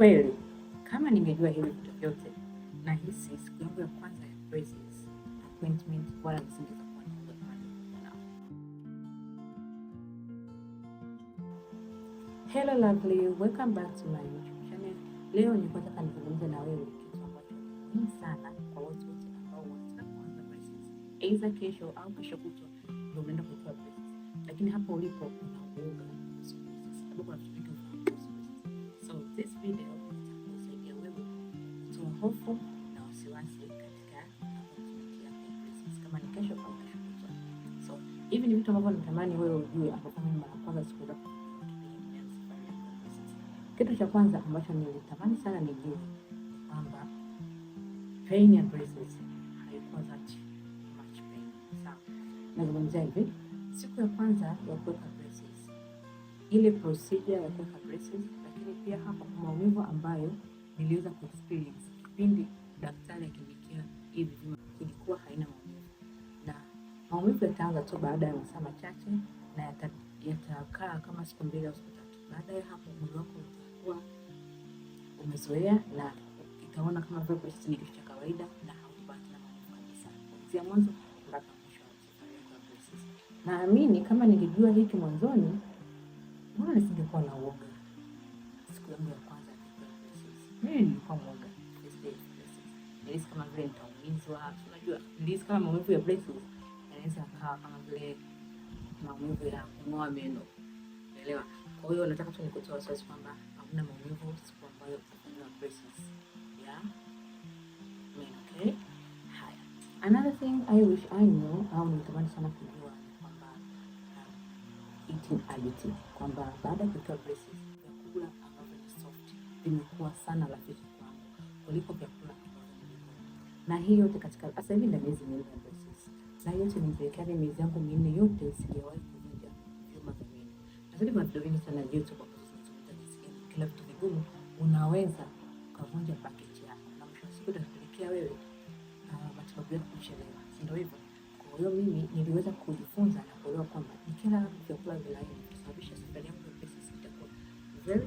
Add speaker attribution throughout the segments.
Speaker 1: kweli kama nimejua hivi vitu vyote, nahisi siku yangu ya kwanza ya appointment wala msingiza Hello lovely, welcome back to my YouTube channel. Leo nikotaka nizungumze na wewe kitu ambacho ni muhimu sana kwa watu wote ambao wanataka kuanza braces. Aidha kesho au kesho kutwa ndio unaenda kutoa braces. Lakini hapo ulipo una uoga. Sababu kuna vitu this video itakusaidia wewe kutoa hofu na wasiwasi katika kama ni kesho au kesho kutwa. So hivi ni vitu ambavyo natamani wewe ujue, ambapo mimi mara kwanza sikuweza. Kitu cha kwanza ambacho nilitamani sana nijue ni kwamba pain ya Christmas haikuwa that much pain. Sawa, nazungumzia hivi, siku ya kwanza ya kuweka braces, ile procedure ya kuweka braces pia hapa maumivu ambayo niliweza ku experience kipindi daktari akinikia hivi vipimo, ilikuwa haina maumivu, na maumivu yataanza tu baada ya masaa machache na yatakaa yata kama siku mbili au siku tatu. Baada ya hapo, mwili wako utakuwa umezoea na itaona kama vile ni kitu cha kawaida na hautapata na maumivu kabisa kuanzia mwanzo mpaka mwisho Naamini kama nilijua hiki mwanzoni, mbona nisingekuwa na uoga yangu ya kwanza mimi nilikuwa mwoga, nilihisi kama vile nitaumizwa. Unajua, nilihisi kama maumivu ya braces yanaweza kawa kama vile maumivu ya kung'oa meno, unaelewa? Kwa hiyo nataka tu nikutoa wasiwasi kwamba hamna maumivu siku ambayo utafanyiwa braces ya meno, okay? Haya, another thing I wish I knew, au nitamani sana kujua kwamba uh, eating habit, kwamba baada ya kutoa braces ya kula vimekuwa sana rafiki kwangu kuliko vyakula na hii yote katika sasa hivi na miezi minne ambayo sisi na yote nimepelekea ni miezi yangu minne yote sijawahi kuvunja vyuma vya meno. Nazidi mavitu vingi sana joto kwa kila vitu vigumu, unaweza ukavunja paketi yako na mwisho wa siku itakupelekea wewe ah, matibabu yako kuchelewa, si ndio hivyo? Kwa hiyo mimi niliweza kujifunza na kuelewa kwamba nikila vyakula vilaini kusababisha safari yangu ya pesa itakuwa very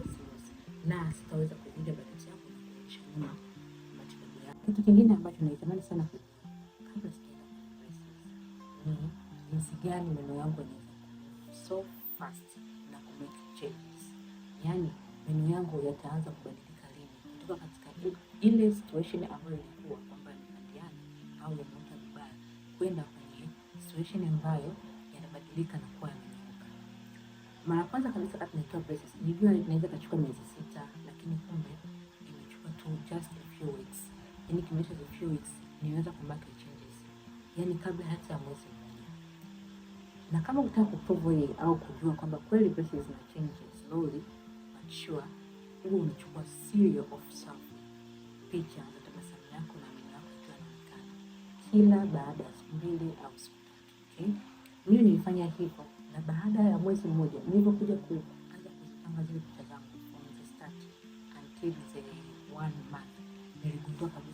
Speaker 1: kingine ambacho naitamani sana kabla sijaenda ni jinsi gani meno yangu yanaweza so fast na ku make changes, yaani meno yangu yataanza kubadilika lini kutoka katika ile situation ambayo ilikuwa kwamba yanandiana au yanaota vibaya kwenda kwenye situation ambayo yanabadilika na kuwa yamenyooka. Mara kwanza kabisa kati naitoa braces, nijua inaweza kachukua miezi sita, lakini kumbe imechukua tu just a few weeks yani kimeisha the few weeks niweza ku make changes, yani kabla hata ya mwezi mmoja. Na kama unataka kuprove au kujua kwamba kweli pesa zina change slowly but sure, huwa unachukua serial of self picha za tabasamu yako na meno yako ikiwa inaonekana kila baada ya siku mbili au siku tatu. Okay, mimi nilifanya hivyo, na baada ya mwezi mmoja nilipokuja kuanza kuzipanga zile picha zangu from the start until the one month niligundua kabisa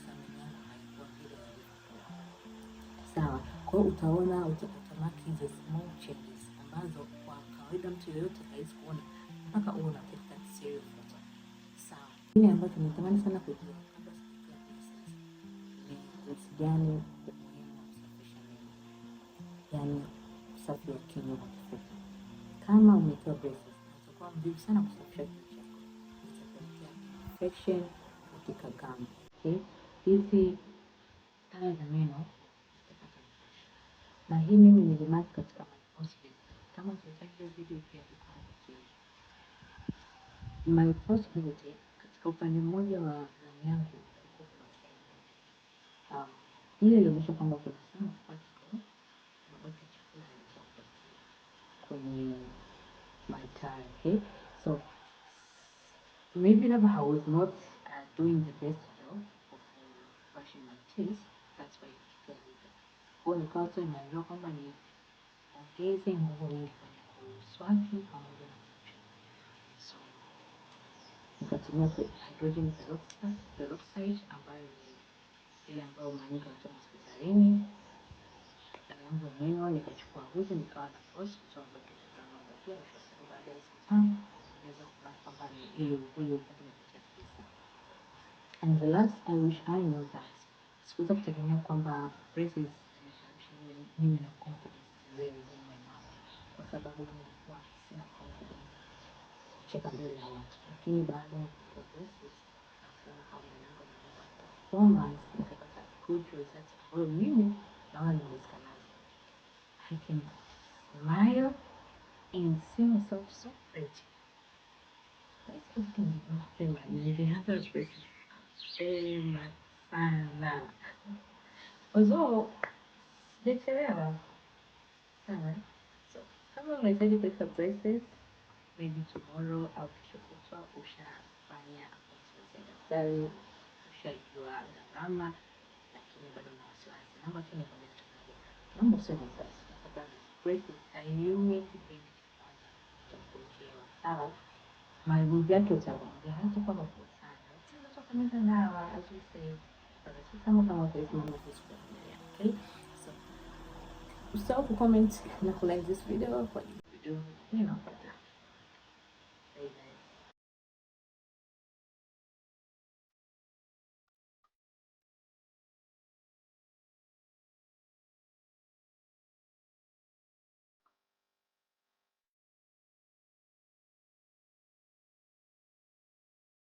Speaker 1: Kwa hiyo utaona utamaki hizo small changes ambazo kwa kawaida mtu yeyote hawezi kuona mpaka uwe unatafuta serious photo. Sawa. Kile ambacho nitamani sana kujua kabla sijafikia business ni jinsi gani umuhimu wa kusafisha meno. Yaani usafi wa kinywa kwa kifupi. Kama umetoa braces, utakuwa mvivu sana kusafisha kinywa chako. Itapelekea infection katika gum. Okay? Hizi dawa za meno na hii mimi nilimark katika my first week. Kama utacheki hiyo video my first week katika upande mmoja wa nani yangu um, ile kwamba kuna sana chakula kwenye my time okay? so maybe labda I was not uh, doing the best job of brushing my teeth. Kuelekazwa inaambiwa kwamba ni ongeze nguvu mswaki pamoja na so nikatumia hydrogen peroxide ambayo ni ile ambayo hospitalini. yangu mwenyewe nikachukua uzi nikawa na kutoa baada ya tano naweza kwamba ni And the last I wish I knew that sikuweza kutegemea kwamba braces mimi nakumbuka mzee mzima mama, kwa sababu nilikuwa sina cheka mbele ya watu, lakini baada ya kutoka nasema kama mwanangu anaweza kusoma nisipate katika kuchu research ambayo mimi naona niwezekana lakini nayo ensino sobre sofrente. Mas eu ah, tenho uma permanência das pessoas. Tema sana. Mas, oh, Nilichelewa. Ah Sawa. So, kama unahitaji kuweka braces, maybe tomorrow au kesho kutwa ushafanya appointment ya daktari, ushajua gharama, lakini bado na wasiwasi. Naomba tu nikwambie kitu kimoja. Naomba usiwe na wasiwasi kwa sababu braces haiumi kipindi kimoja cha kujewa. Sawa? Maumivu yake utaongea hata kama uko sana. Utaweza kukamiliza dawa as we say. Sasa kama kama utaisimama vizuri, okay? yourself who comments né, like this video for this You know.